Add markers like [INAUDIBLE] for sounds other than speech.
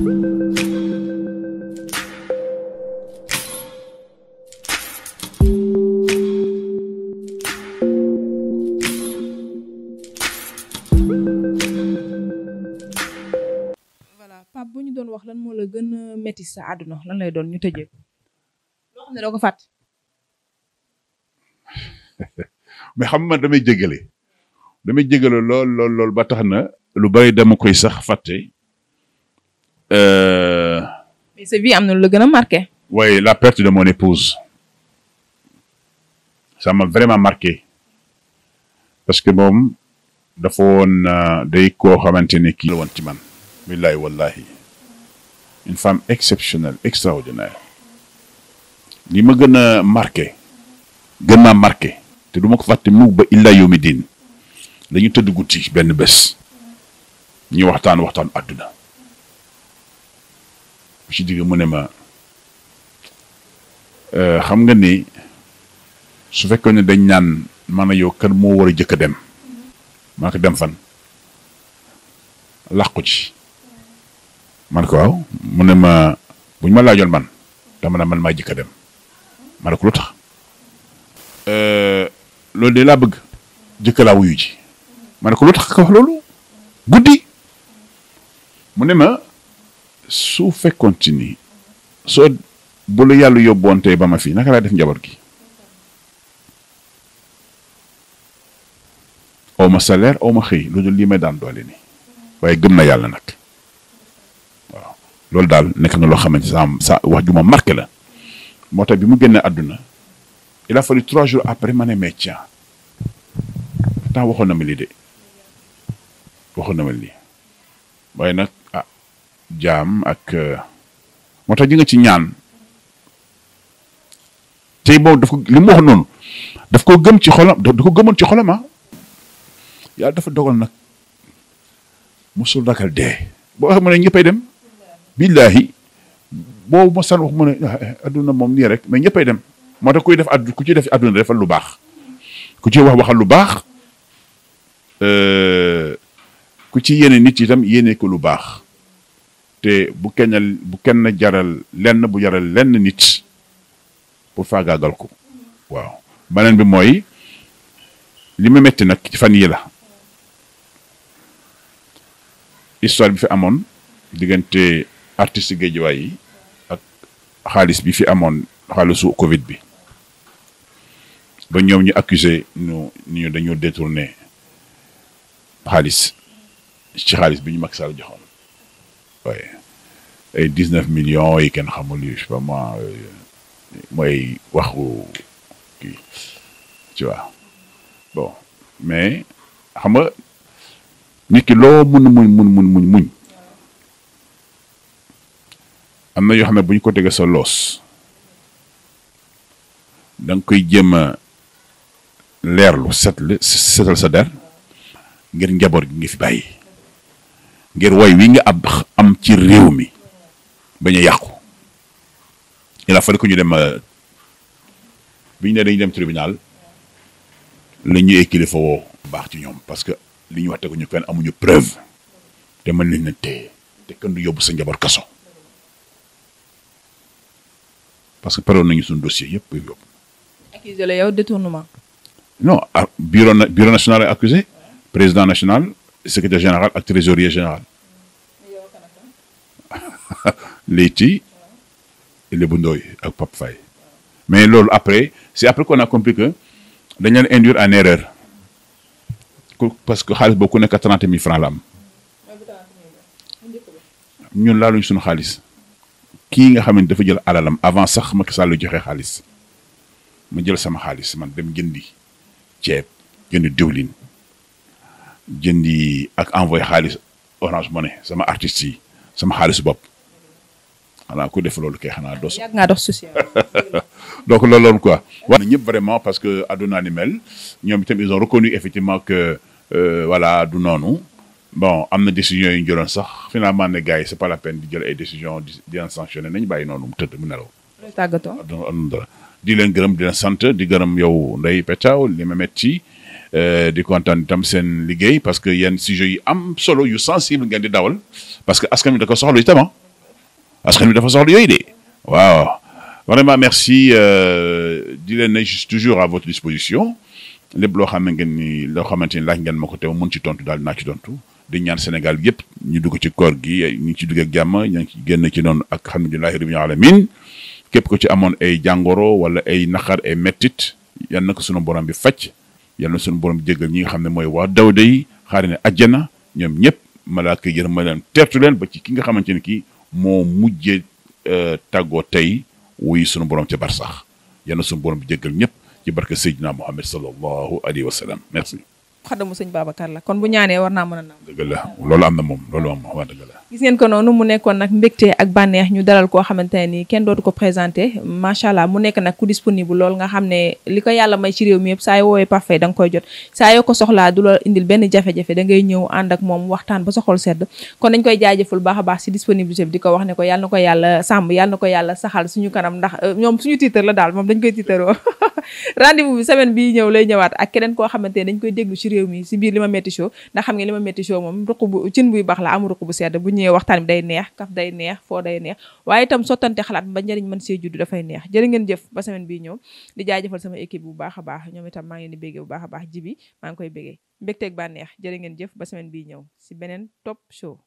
Pape bu ñu doon wax lan moo la gën a métti sa àdduna lan lay doon ñu tëjee ko loo xam ne doo ko fàtt [LAUGHS] mais xam man damay jégale damay jégale lool lool lool ba tax na lu bari dama koy sax fàtte Euh, mais sa vie la gën a marqué. oui la perte de mon épouse sama m'a vraiment marqué parce que moom dafa woon euh, day koo xamante ni kii la woon ci man. billahi wallahi une femme exceptionnelle extraordinaire li ma gën a marqué. gën maa marqué. te du ma ko fàtte mukk ba illa yawmi diin. la tëdd guddi benn bés. ñu waxtaan waxtaan àdduna. ci digg mu ne ma euh, xam nga ni su fekkoon ne dañ naan maanaam yow kan moo war a jëkk a dem maa ko dem fan làqu ci man ko waaw mu ne ma buñ ma laajoon man dama ne man ma jëkk a dem ma ne ko lu tax euh, loolu de laa bëgg jëkk laa wuyu ji ma ne ko lu tax ka wax loolu guddi mu ne ma su fekkoonti ni soo bu la yàlla yóbboontee ba ma fii naka laa def njaboot gi aw ma salaire aw ma xëy lu dul lii may daan doole nii waaye gëm na yàlla nag waaw loolu daal nekk na loo xamante sa sa wax ju ma marqué la moo tax bi mu génnee àdduna il a fallu trois jours après ma ne mais tiens pourtant waxoon na ma lii de waxoon na ma lii waaye nag jaam ak euh, moo tax ñu ci ñaan te moom daf ko li wax noonu daf ko gëm ci xolam da ko gëmoon ci xolam ah yàlla dafa dogal nag mosul ragal dee boo waxee mu ne ñëppay dem billaahi boobu ma san wax mu ne ah, ah, adduna moom nii rek mais ñëppay dem moo tax def addu ku ci def adduna defal lu baax ku ci wax waxal lu baax euh, ku ci yéene nit yi itam yéene ko lu baax te bu kenn jaral lenn bu jaral lenn nit pour faagaagal ko waaw beneen bi mooy li ma métti nag ci fan yi la histoire bi fi amoon diggante artiste géejuwaay yi ak xaalis bi fi amoon xaalisu Covid bi ba ñoom ñu accusé ñu ñu dañoo détourné xaalis ci xaalis bi ñu Macky Sall joxoon ouais Et 19 millions et qu'un ramolli, je sais pas moi mooy wahou, kii tu vois bon mais xam ni que l'eau, moun, moun, moun, moun, moun, moun. Amna yo na buñ ko tegee sa loos dang koy jema a leerlu setal setal sa der ngir njabor gi ngi fi bàyyi ngir way wi nga ab am ci réew mi bañ a yàqu il a fallu que ñu dem euh, bi ñu ne dañu dem tribunal la ñuy fa woo baax ci ñoom parce que li ñu wax tegu ñu fenn amuñu preuve te mën leen na téye te kenn du yóbbu sa njaboot kaso parce que pare nañu suñu dossier yëpp yëpp. accusé la yow détournement. non ah, bureau bureau national accusé président national secrétaire général ak trésorier général. [LAUGHS] les ti et les Bundoy avec Pape Mais après, c'est après qu'on a compris que nous allons induire en erreur. Parce que Khalis beaucoup n'est qu'à 30 000 francs l'âme. Nous sommes nga dafa jël avant sax ma jël sama man dem diwlin jëndi envoyé Orange Money sama artiste sama xaalisu bopp xanaa ku def loolu kay xanaa dos. yàgg naa dox social. [LAUGHS] donc loolu loolu quoi. wax na ñëpp vraiment parce que aduna ni mel ñoom itam ils ont reconnu effectivement que euh, voilà du noonu bon am na décision yu ñu jëloon sax finalement ne gars yi c'est pas la peine di jël ay décision di di leen sanctionné nañu bàyyi noonu mu tëdd mu nelaw. tàggatoo di leen gërëm di leen sant di gërëm yow Ndeye Pétaw li ma métti. Euh, di kontaan tam sen liguey parce que yenn sujet yu am solo yu sensible ngeen di dawal parce que askan wi da ko soxla itam ah mi da fa soxla yoy de waaw vraiment merci euh di leen juste toujours à votre disposition lépp loo xam ngeen ni lo xamante ni ngeen mako ko teew mën ci tontu dal na ci tontu di ñaan Sénégal yépp ñu dugg ci koor gi ñu ci dugg ak jàmm ñu ngi génn ci noonu ak alhamdulillahi rabbil alamin képp ko ci amoon ay jàngoro wala ay naqar ay mettit yan ko suñu borom bi faj. yal na suñu borom jéggal ñi nga xam ne mooy waa dawda yi xaari ne ajjana ñoom ñëpp malaaka yi yërëm ma leen teertu leen ba ci ki nga xamante ne kii moo mujjee euh, tàggoo tey wuy sunu borom ca barsax yal na sunu borom jéggal ñëpp ci barke Seydina Muhammad sallallahu alayhi wa sallam merci xadamu sëñ Babacar la a nangu. dëgg la koo xamante ne nii kenn dootu ko présenté macha allah mu nekk ku disponible lool nga xam ne li ko yàlla may ci réew mi yëpp saa woowee parfait da koy jot saa yoo ko soxlaa du la indil benn jafe-jafe da ñëw ànd ak moom waxtaan ba soxol sedd kon dañ koy jaajëful baax a baax si disponibilité bi di ko wax ne ko yàlla na ko yàlla sàmm yàlla na ko yàlla saxal suñu kanam ndax euh, ñoom suñu tiitar la daal moom dañ koy tiitaroo [LAUGHS] rendez-vous bi semaine bi ñëw lay ñëwaat ak keneen koo xamante ne dañ koy déglu ci réew mi si biir li ma metti show ndax xam nga li ma metti show moom ruq bu cin buy baax la am ruq bu sedd bu ñëwee waxtaan bi day neex kaf day neex foo day neex waaye itam sottante xalaat ba njëriñ man see juddu dafay neex jërë ngeen jëf ba semaine bi ñëw di jaajëfal sama équipe bu baax a baax ñoom itam maa ngi leen di béggee baax a baax jibi maa ngi koy béggee mbégteeg bànneex ngeen jëf ba bi ñëw ci beneen top show